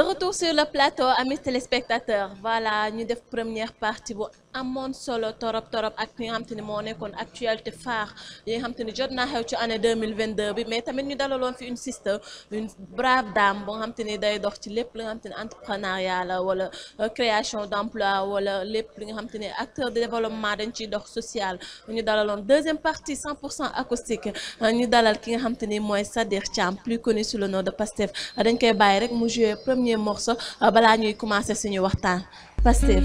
de retour sur le plateau amis téléspectateurs voilà ñu def première partie bu amoon solo torop torop ak li nga xam te ni moo nekkoon actualité phare yi nga xam te ni jot naa xew ci année 2022 bi mais tamit ñu dalaloon fi une sister une brave dame ba nga xam te ni day dox ci lépp li nga xam te ni entrepreneuriat wala euh, création d'emploi wala lépp li nga xam te ni acteur de développement dañ ciy dox social ñu dalaloon deuxième partie 100 pour cent acoustique ñu dalal ki nga xam te ni mooy Sadir Thiam plus connu sous le nom de Pastef dañ koy bàyyi rek mu jouer premier morceau euh, balaa ñuy commencer suñu waxtaan Pastef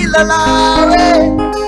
illallah eh. we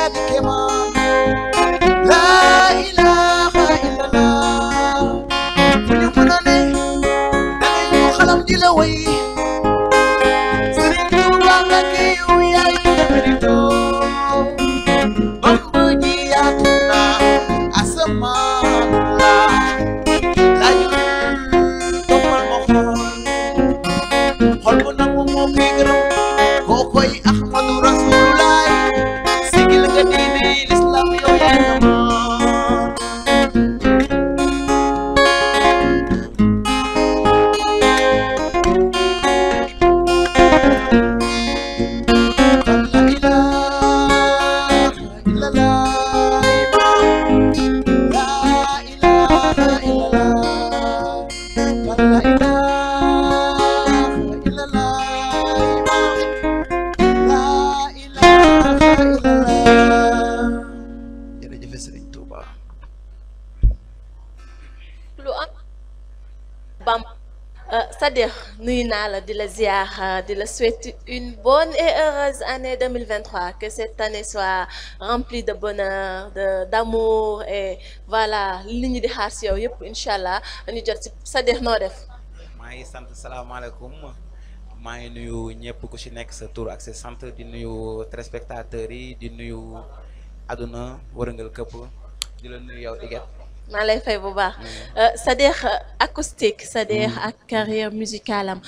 é de queimar. nuyu naa la di la ziar di la souhaite une bonne et heureuse année 2023 que cette année soit remplie de bonheur de d'amour et voilà li ñu di xaar si yow yëpp incha allah ñu jot si sa dex noo def. maa ngi sant salaamaaleykum maa ngi nuyu ñëpp ku ci nekk sa tour ak sa sant di nuyu téléspectateurs yi di nuyu àdduna wërngal këpp di la nuyu yow Iguette. maa lay fay bu baax Sadekh mm. euh, acoustique Sadekh mm. ak carrière musicale am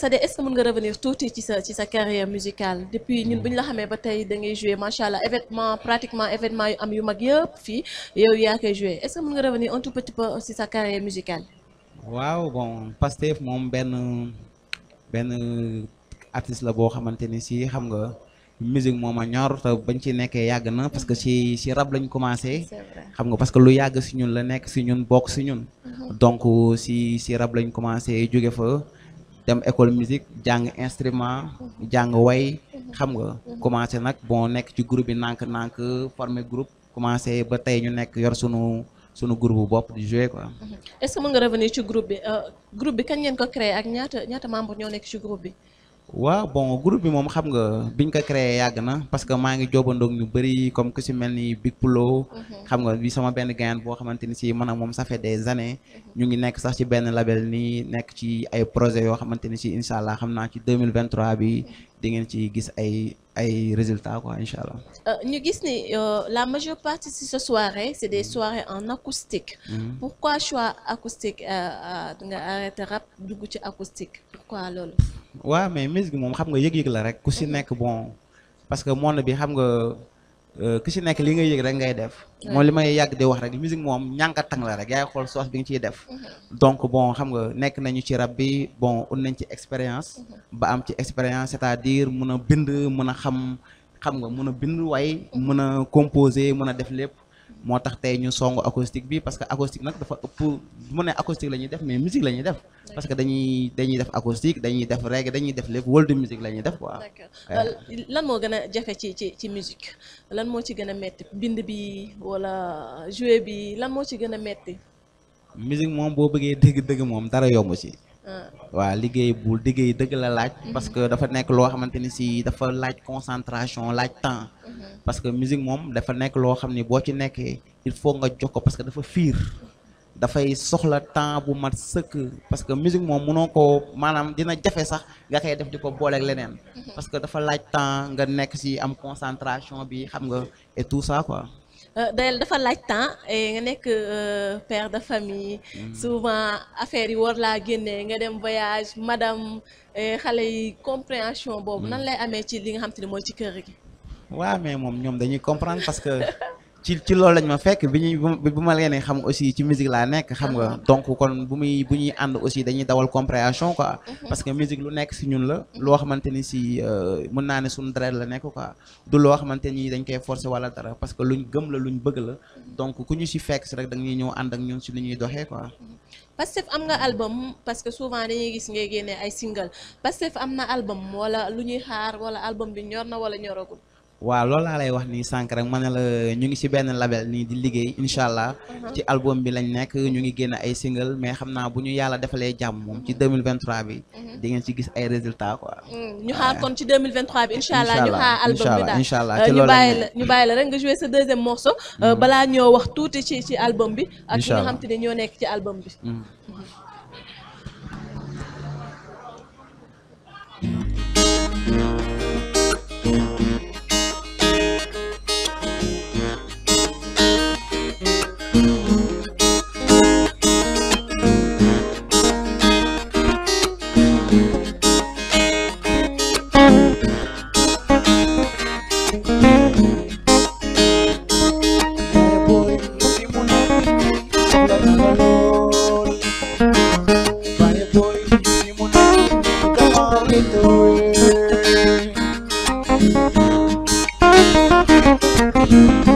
Sadekh est-ce que mën nga revenir tuuti ci sa ci sa carrière musicale depuis ñun mm. bu ñu la xamee ba tey da ngay jouer macha allah événement pratiquement événement yu am yu mag yëpp fii yow yaa koy jouer est-ce que mën nga revenir un tout petit peu ci sa carrière musicale. waaw bon Pastef moom benn benn artiste la boo xamante ni si xam nga. musique moom a ñor te bañ ci nekkee yàgg na parce que ci ci rab lañ commencé. xam nga parce que lu yàgg si ñun la nekk si ñun bokk si ñun. Mhm. donc si si rab lañ commencé jóge fa dem école musique jàng instrument mhm. jàng way mhm. xam nga commencé nag bon nekk ci groupe bi nànk nank formé groupe commencé ba tey ñu nekk yor sunu sunu groupe bu bopp di jouer quoi. est-ce que mën nga revenir ci groupe bi euh, groupe bi kañ ngeen ko créé ak ñaata ñaata membre ñoo nekk ci groupe bi. waaw bon groupe bi moom xam nga biñ ko créé yàgg na parce que maa ngi joobandoog ñu bëri comme ku si mel ni Big Plo mhm. xam nga bi sama benn gayan boo xamante ni si man ak moom ça fait des mhm. ñu ngi nekk sax ci benn label nii nekk ci ay projet yoo xamante ni si incha allah xam naa ci 2023 bi mhm. di ngeen ci gis ay ay résultats quoi incha allah. Euh, ñu gis ni euh, la majeure partie de ces soirées c'est des mm. soirées en acoustique. Mm. pourquoi choix acoustique euh, nga arrêté rap dugg ci acoustique pourquoi loolu. waaw mais musique moom xam nga yëg-yëg la rek ku si mhm. nekk bon parce que monde bi xam nga. Euh, ki ci nekk li ngay yëg rek ngay def moom li may yàgg di wax rek musique moom ñànkatang la rek yaay xool soos bi nga ciy def mhm. donc bon xam nga nekk nañu ci rab bi bon ut nañ ci expérience mhm. ba am ci expérience c'est-à-dire mun a bind mun a xam xam nga mun a bind way mhm. mun a composé mun a def lépp moo tax tey ñu songu acoustique bi parce que acoustique nag dafa ëpp mu ne acoustique la ñuy def mais musique la ñuy def parce que dañuy dañuy def acoustique dañuy def reggae dañuy def lépp world music la ñuy def waaw. d'accord euh, lan moo gën a jafe ci ci ci musique lan moo ci gën a metti bind bi wala jouer bi lan moo ci gën a metti. musique moom boo bëggee dëgg moom dara yomb si. Ah. waaw liggéey bu liggéey dëgg la laaj. Mhm. parce que dafa nekk loo xamante ni si dafa laaj concentration laaj temps. parce que musique moom dafa nekk loo xam ni boo ci nekkee il faut nga jox ko parce que dafa fiir dafay soxla temps bu mat sëkk parce que musique moom mënoo ko maanaam dina jafe sax nga koy def di ko booleeg leneen mhm. parce que dafa laaj temps nga nekk ci am concentration bi xam nga et tout ça quoi euh, dafa laaj temps nga nekk euh, père de famille mhm. souvent affaire yi war laa génnee nga dem voyage madame euh, xale yi compréhension boobu mhm. nan lay amee ci li nga xam te ne mooy ci kër gi waaw mais moom ñoom dañuy comprendre parce que ci ci loolu lañ ma fekk bi ñuy bu ma leen xam aussi ci musique laa nekk xam nga ah. donc kon bu muy bu ñuy ànd aussi dañuy dawal compréhension quoi mhm. parce que musique lu nekk si ñun la mhm. loo xamante ni si euh, mën naa ne suñu deret la nekk quoi du loo xamante ni dañ koy forcer wala dara parce que luñ gëm la luñ bëgg la mhm. donc ku ñu si fekk si rek da ñuy ñëw ànd ak ñun si lu ñuy doxee quoi Pastef am nga album parce que souvent dañuy gis ngay génne ay single Pastef am na album wala lu ñuy xaar wala album bi ñor na wala ñoragul waaw loolu laa lay wax nii sànq rek ma ne la ñu ngi ci benn label nii di liggéey incha allah. Uh-huh. ci album bi lañ nekk ñu ngi génn ay single mais xam naa bu ñu yàlla defalee jàmm moom ci de 2023 bi. Uh-huh. di ngeen ci gis ay résultat quoi. Mm, ñu xaar kon ci 2023 bi incha allah ñu xaar album bi daal allah euh, ñu bàyyi la ñu bàyyi la rek nga jouer sa deuxième morceau. Mm-hmm. Euh, balaa ñoo wax tuuti ci ci album bi. ak ñi nga xam te ne ñoo nekk ci album bi. Mm. Thank you.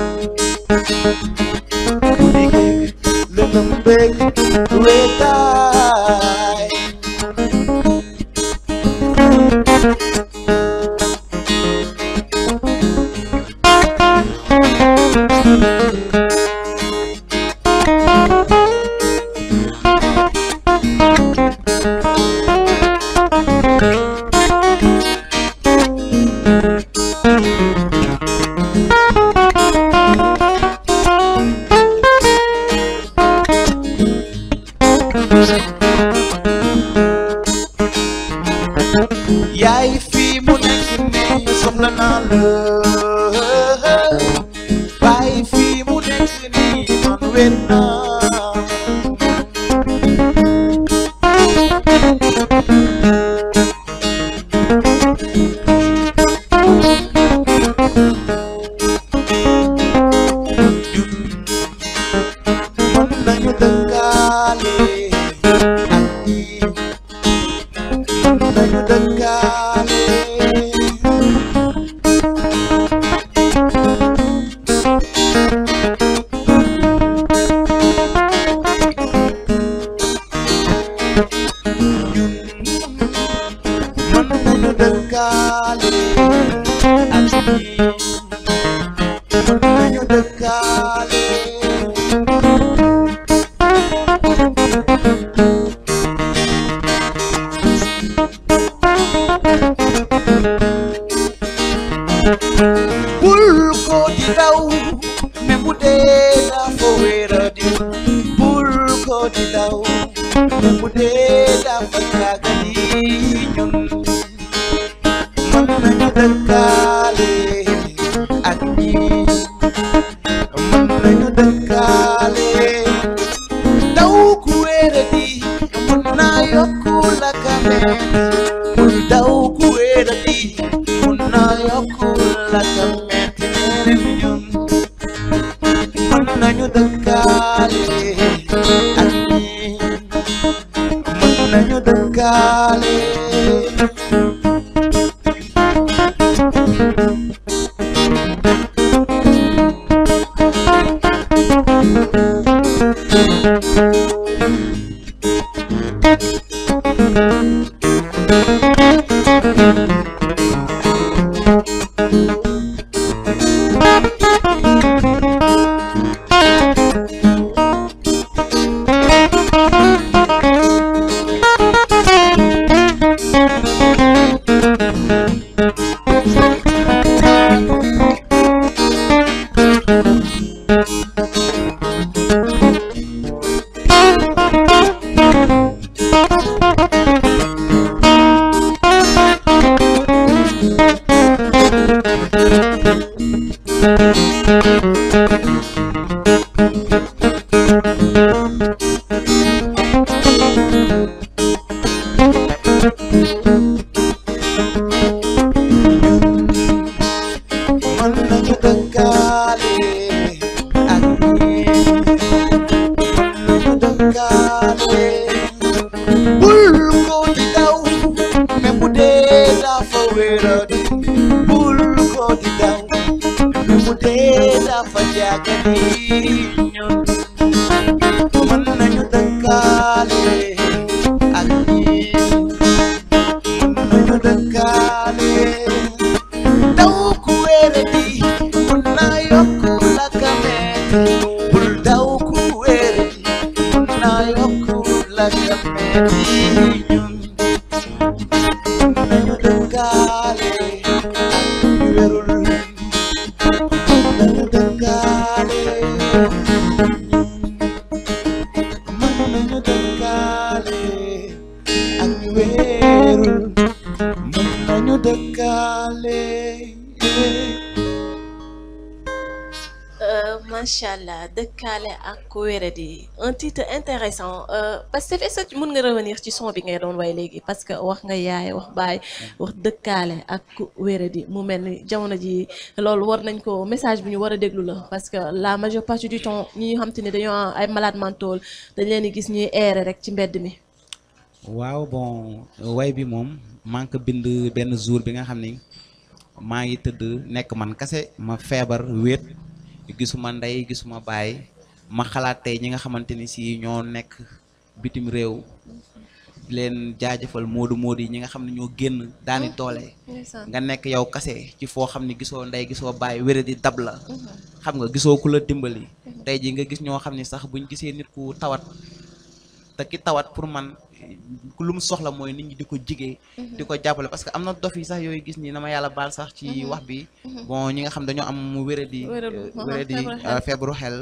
dëkka Dale. un titre intéressant euh, parce que mën nga revenir ci son bi ngay doon way léegi parce que wax nga yaay wax baay wax dëkkaale ak wéer di mu mel ni jamono ji loolu war nañ ko message bi ñu war a déglu la parce que la majeure partie du ton ñi ñu xam te ne dañoo ay malade mental dañ leen di gis ñuy eere rek ci mbedd mi waaw bon way bi moom maa ngi bind benn jour bi nga xam ni maa ngi tëdd nekk man kase ma feebar wéet gisuma ndey gisuma baay ma xalaat tey ñi nga xamante ni si ñoo nekk bitim réew leen jaajëfal moodu moodu yi ñi nga xam ne ñoo génn daani mm-hmm. doole nga nekk yow kase ci foo xam ne gisoo ndey gisoo bàyyi wére di dab la mm-hmm. xam nga gisoo ku la dimbali mm-hmm. tey ji nga gis ñoo xam ne sax buñ gisee nit ku tawat te ki tawat pour man lu mu soxla mooy nit ñi di ko jigee mhm. di ko jàppale parce que am na dof yi sax yooyu gis ni na ma yàlla baal sax ci mhm. wax bi mhm. bon ñi nga xam dañoo am mu wére di di feebaru xel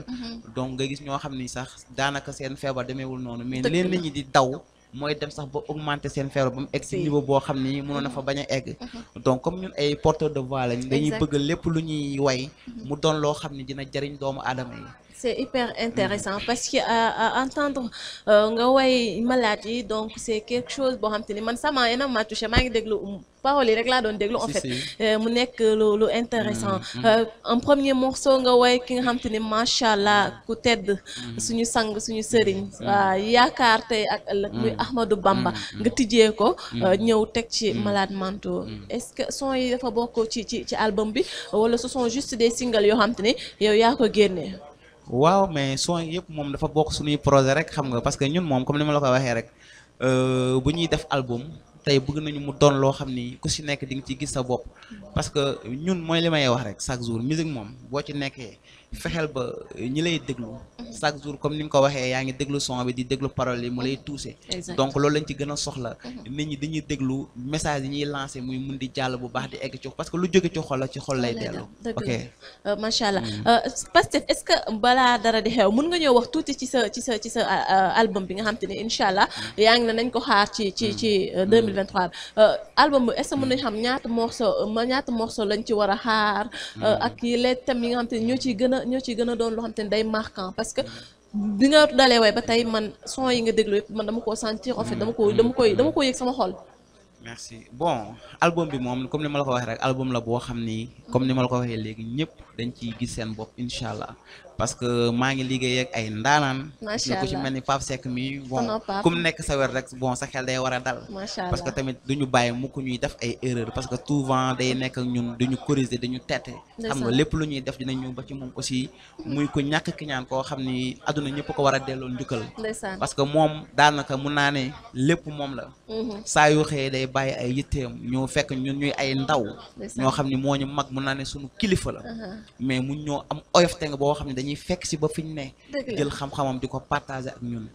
donc nga gis ñoo xam ni sax daanaka seen feebar demeewul noonu mais leen nit ñi di daw mooy dem sax ba augmenter seen feebar ba mu egg si niveau boo xam ni mënoon na fa bañ a egg mm-hmm. donc comme ñun ay porteur de voix lañ dañuy bëgg lépp lu ñuy way mm-hmm. mu doon loo xam ni dina jariñ doomu aadama yi c'est hyper intéressant mm-hmm. parce que à entendre euh, nga way malade yi donc c'est quelque chose boo xam ni man sama ena ma touché maa ngi déglu paroles yi rek laa doon déglu en fait euh, mu nekk lu lu intéressant mm, mm, mm. Euh, un premier morceau nga woy ki nga xam te ni macha allah ku tedd suñu sang suñu sëriñ yaakaar tey ak ëllëg muy Ahmadou Bamba nga tijjee ko euh, ñëw teg ci malade manto est-ce que son yi dafa bokk ci ci ci album bi wala ce son juste des singles yoo xam te ni yow yaa ko génnee waaw mais son yëpp moom dafa bokk suñuy projet rek xam nga parce que ñun moom comme ni ma la ko waxee rek bu ñuy def album tey bëgg nañu mu doon loo xam ni ku si nekk di nga ci gis sa bopp parce que ñun mooy li may wax rek chaque jour musique moom boo ci nekkee fexeel ba ñi lay déglu chaque jour comme ni nga ko waxee yaa ngi déglu son bi di déglu parole yi mu lay touché donc loolu lañ ci gën soxla mhm. nit ñi dañuy déglu message yi ñuy lancé muy mun di jàll bu baax di egg ci parce que lu jóge ci xol la ci xol lay dellu ok euh, macha allah mhm. euh, Pastef est-ce que balaa dara di xew mun nga ñëw wax tuuti ci sa ci sa ci sa euh, album bi nga xam te ne incha allah mhm. yaa ngi ne nañ ko xaar ci ci ci 2023 album bi est-ce que mën nañ xam ñaata morceau ma ñaata morceau lañ ci war a xaar a ñoo ciy gën a doon loo xam te ne day marquant parce que bi nga dalee way ba tey man son yi nga déglu man dama koo sentir en fait dama koo dama koy dama ko yëg sama xol. bon album bi moom comme ni ma la ko waxee rek album la boo xam ni comme ni ma la ko waxee léegi ñëpp dañ ciy gis seen bopp incha allah parce que maa ngi liggéey ay ndaanaan na ku ci mel ni Pape Seck mi bon ku nekk sa wér rek bon sa xel day war a dal parce que tamit duñu bàyyi mukk ñuy def ay erreur parce que souvent day nekk ak ñun duñu corriger dañu tette xam nga lépp lu ñuy def dinañ ñëw ba ci moom aussi muy ko ñàkk ki ñaan koo xam ni àdduna ñëpp ko war a delloo njukkal parce que moom daanaka mun naa ne lépp moom la mm-hmm. saa yu xëyee day bàyyi ay yitteem ñu fekk ñun ñuy ay ndaw ñoo xam ni moo ñu mag mun naa ne suñu kilifa la uh-huh. ñuy fekk si ba fi ñu ne jël xam-xamam di ko partager ak ñun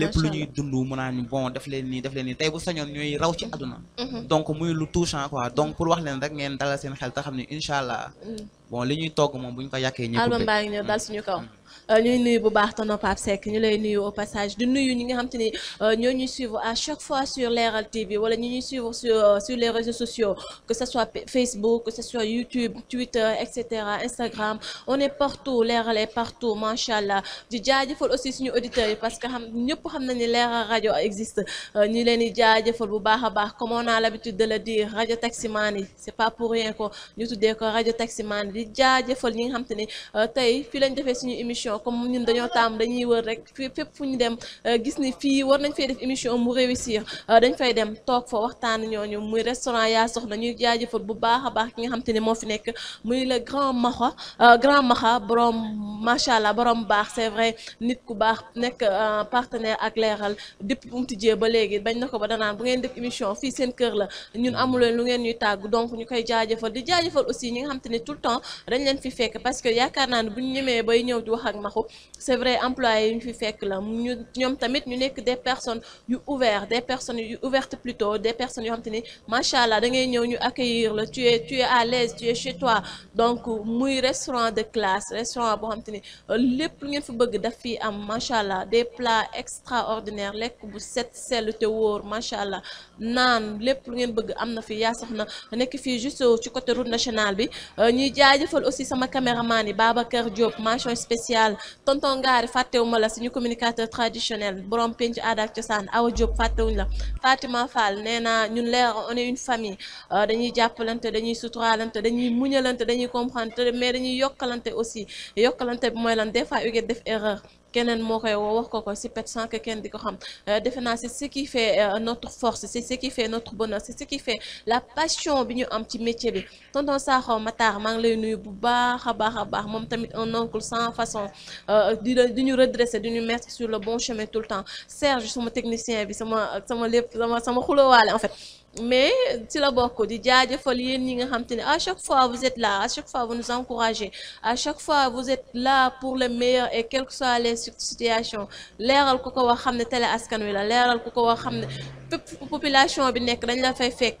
lépp lu ñuy dund mu a ñu bon daf leen nii daf leen nii tey bu sañoon ñooy raw ci àdduna mm-hmm. donc muy lu touchant quoi donc pour wax leen rek ngeen dalal seen xel te xam ne incha mm. bon li ñuy togg moom bu ñu ko yàkkee ñëpp album baa ngi ñëw mm. dal suñu kaw mm. Euh, ñuy nuyu bu baax tonton Pape Seck ñu lay nuyu au passage di nuyu ñi nga xam te ni euh, ñoo ñuy suivre à chaque fois sur Leral TV wala ñu ñuy suivre sur euh, sur les réseaux sociaux que ce soit Facebook que ce soit YouTube Twitter et cetera Instagram on est partout Leral est partout macha allah di jaajëfal aussi suñu auditeurs yi parce que xam ñëpp xam nañu leeral rajo existe ñu leen di jaajëfal bu baax a baax comme on a l'habitude de la dire rajo taximaan yi c'est pas pour rien ko ñu tuddee ko rajo taximaan di jaajëfal ñi nga xam te ni émission comme ñun dañoo taam dañuy wër rek fépp fu ñu dem euh, gis ni fii war nañ fay def émission mu réussir euh, dañ fay dem toog fa waxtaan ñooñu muy restaurant yaa soxna ñuy jaajëfal bu baax a baax ki nga xam te ne moo fi nekk muy le grand maxa euh, grand maxa borom macha allah borom baax c'est vrai nit ku baax nekk partenaire ak leeral depuis bu mu tijjee ba léegi bañ na ko ba danaan bu ngeen def émission fii seen kër la ñun amuleen lu ngeen ñuy tàgg donc ñu koy jaajëfal di jaajëfal aussi ñi nga xam te le temps ak maxu c'est vrai employé yi ñu fi fekk la ñu ñoom tamit ñu nekk des personnes yu ouvertes des personnes yu ouvertes plutôt des personnes yoo xam te ni macha allah da ngay la tu es tu à l'aise tu es toi donc muy restaurant de classe restaurant boo xam te ni lépp lu ngeen fi bëgg daf fi am macha allah des plats extraordinaires lekk bu set sell te wóor macha allah naan lépp lu ngeen bëgg am na fi yaa sax na nekk fii juste ci côté route nationale bi ñuy jaajëfal aussi Sénégal tonton Ngaari fàttewuma la suñu communicateur traditionnel borom penc aada ak cosaan Awa Diop fàttewuñ la Fatima Fall nee naa ñun leer on est une famille euh, dañuy jàppalante dañuy suturaalante dañuy muñalante dañuy comprendre mais dañuy yokkalante aussi yokkalante bi mooy lan des fois uget def erreur keneen moo koy woo wax ko ko si pet sans que kenn di ko xam euh, defe naa c'est ce qui fait euh, notre force c'est ce qui fait notre bonheur c'est ce qui fait la passion bi ñu am ci métier bi tonton Sakho Matar maa ngi lay nuyu bu baax a baax a baax moom tamit un oncle sans façon euh, di di ñu redresser di ñu mettre sur le bon chemin tout le temps Serge sama technicien bi sama sama lépp sama sama xulowaale en fait mais ci la bokk di jaajëfal yéen ñi nga xam te ne à chaque fois vous êtes là à chaque fois vous nous encouragez à chaque fois vous êtes là pour le meilleur et quelles que soient les situations leeral ku ko wax xam ne télé askan wi la leeral ku ko wax xam ne population bi nekk dañ la fay fekk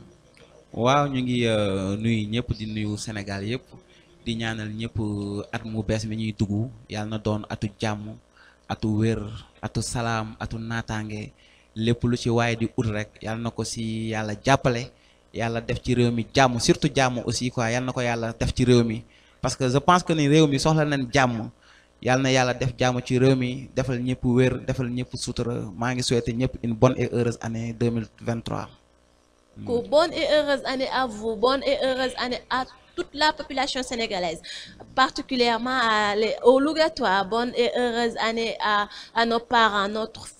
waaw ñu ngi euh, nuyu ñëpp di nuyu Sénégal yëpp di ñaanal ñëpp euh, at mu bees mi ñuy dugg yàlla na doon atu jàmm atu wér atu salaam atu naataange lépp lu ci waaye di ut rek yàlla na ko si yàlla jàppale yàlla def ci réew mi jàmm surtout jàmm aussi quoi yal na ko yàlla def ci réew mi parce que je pense que ni réew mi soxla nañ jàmm yàlla na yàlla def jàmm ci réew mi defal ñëpp wér defal ñëpp sutura maa ngi souhaité ñëpp une bonne et heureuse année 2023 Mm. Bonne et heureuse année à vous, bonne et heureuse année à toute la population sénégalaise, particulièrement à les, aux Lougatois. Bonne et heureuse année à, nos parents,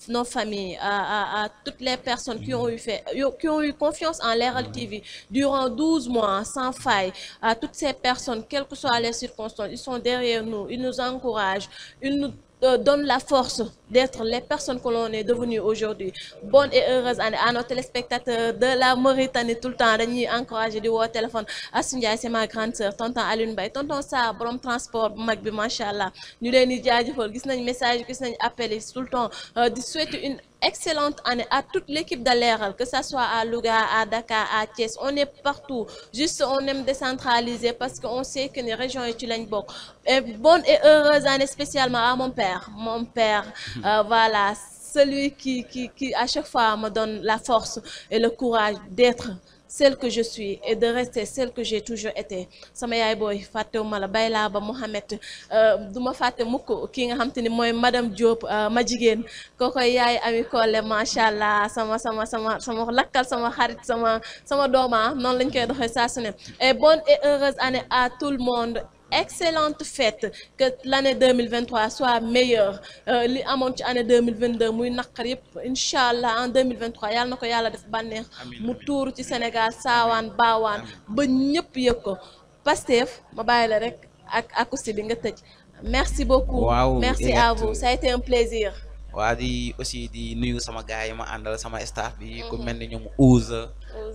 nos familles, à, toutes les personnes qui ont eu, fait, qui confiance en l'RL TV durant 12 mois, sans faille. À toutes ces personnes, quelles que soient les circonstances, ils sont derrière nous, ils nous encouragent, ils nous Euh, donne la force d'être les personnes que l'on est devenues aujourd'hui bonne et heureuse année à nos de la Mauritanie tout le temps dañuy encouragé di woo téléphone Assou Ndiaye c'est ma grande sœur tonton Alioune Mbaye tonton Sarr borom transport mag bi macha allah ñu leen di jaajëfal gis nañ message gis nañ appel yi tout le temps euh, di souhaiter une excellente année à toute l'équipe de Leral, que ce soit à Louga, à Dakar, à Thiès. On est partout. Juste, on aime décentraliser parce qu'on sait que les régions et Tulenbok. bonne et heureuse année spécialement à mon père. Mon père, euh, hmm. voilà, celui qui, à chaque fois, me donne la force et le courage d'être. celle que je suis et de rester celle que j'ai toujours été sama yaay booy fàttewuma la bay ba Mouhamed euh, du ma fàtte mukk kii nga xam te ni mooy madame Diop euh, ma jigéen kookoy yaay ami Kole macha allah sama sama sama sama lakkal sama xarit sama sama dooma noonu lañ koy doxee saa su ne bonne et heureuse année à tout le monde excellente fête que l'année 2023 soit meilleure euh, li amoon ci année 2022 muy naqar yëpp incha allah en 2023 yàlla na ko yàlla def bànneex mu tuuru ci Sénégal saawaan baawaan ba ñëpp yëg ko Pastef ma bàyyi la rek ak acoustique bi nga tëj merci beaucoup waaw merci à vous ça a été un plaisir waa di aussi di nuyu sama gars yi ma àndal sama staff bi ku mhm. mel ni ñoom Ouza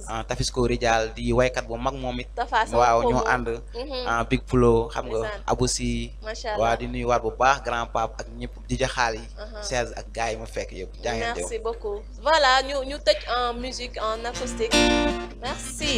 Ah, Tafiscoori Dial di waykat bu mag moom it waaw ñoo ànd mhm. ah, Big Flo xam nga abusi waaw di nuy waat bu baax grand pape ak ñëpp di jaxaal yi uh-huh. seize ak gars yi ma fekk yëpp jaangeen jëf voilà ñu tëj musique en acoustique merci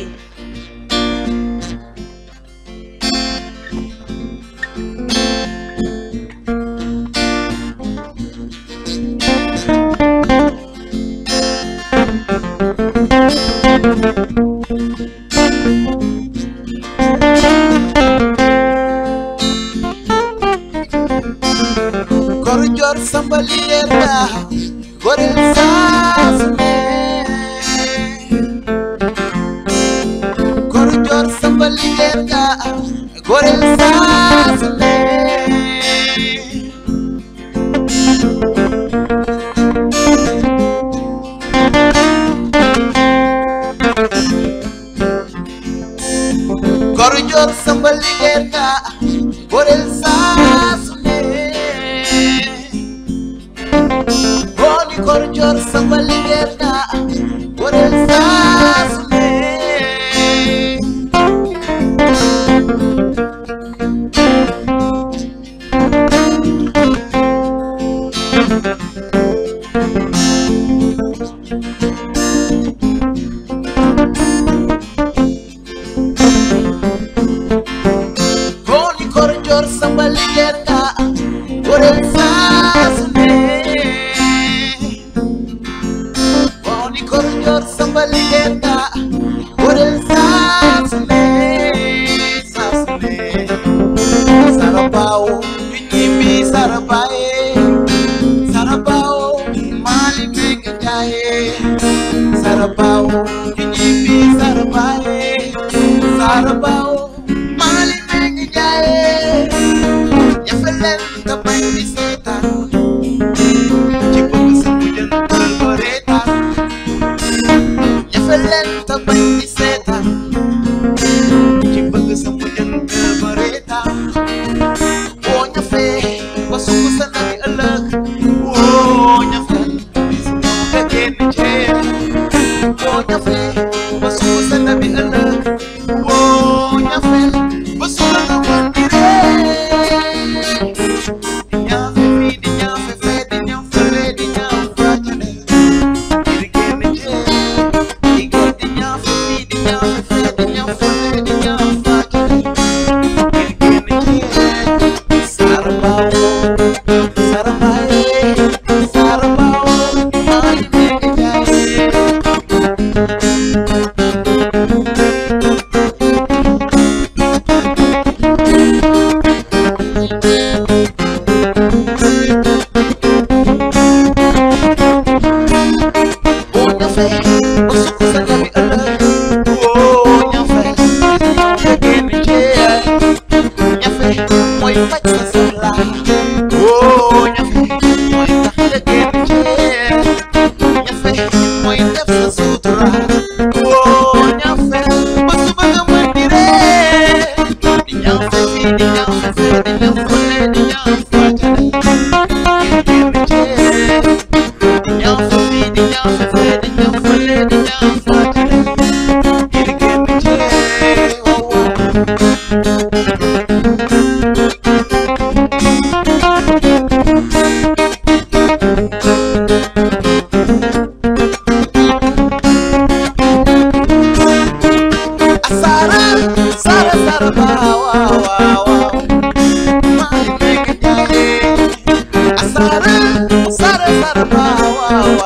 Woo, ñafe, ñafe mooy faj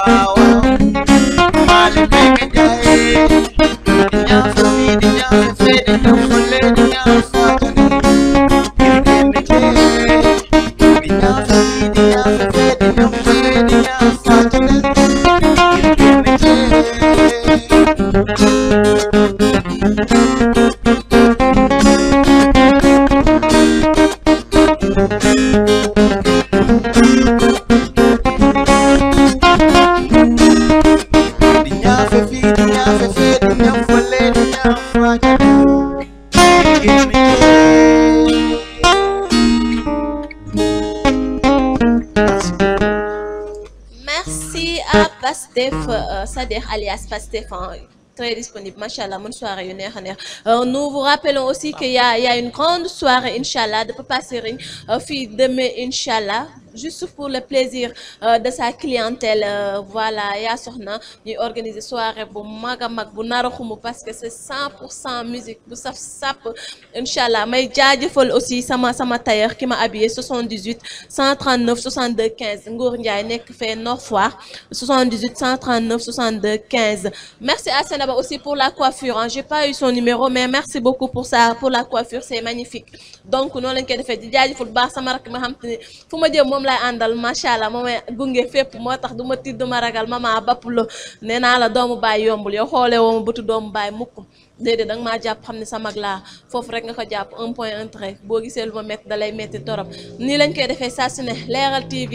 waaw Pastef mm-hmm. euh, Sadekh alias Pastef très disponible machallah bonne soirée yu neex a neex euh, nous vous rappelons aussi que y a y a une grande soirée inchallah de Papa Serigne euh, fii demain inchallah juste pour le plaisir euh, de sa clientèle euh, voilà yaa soxna ñuy organiser soirée bu mag bu nar a xumu parce que c'est cent pour cent musique bu saf sàpp incha allah may jaajëfal aussi sama sama tailleur ki ma habillé 78 139 62 15 Ngour Ndiaye nekk fee Nord Foire 78 139 62 15 merci à Senaba aussi pour la coiffure ah j'ai pas eu son numéro mais merci beaucoup pour ça pour la coiffure c'est magnifique donc noonu lañ koy defee di jaajëfal bu baax sama rakk ma ma jëm moom lay àndal macha allah moom may gunge fépp moo tax du ma tiit du ma ragal mama bapp la nee naa la doomu baay yombul yow xoolee woo ma bëtu doomu baay mukk déedéet danga maa jàpp xam ne sa mag laa foofu rek nga ko jàpp un point un boo gisee lu ma métti da lay métti torop nii lañ koy defee saa su ne leeral TV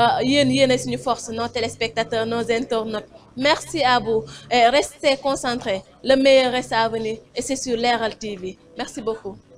euh, yéen yéen suñu force nos téléspectateurs nos internautes merci à vous et restez concentrés le meilleur reste à venir et c'est sur leeral TV merci beaucoup.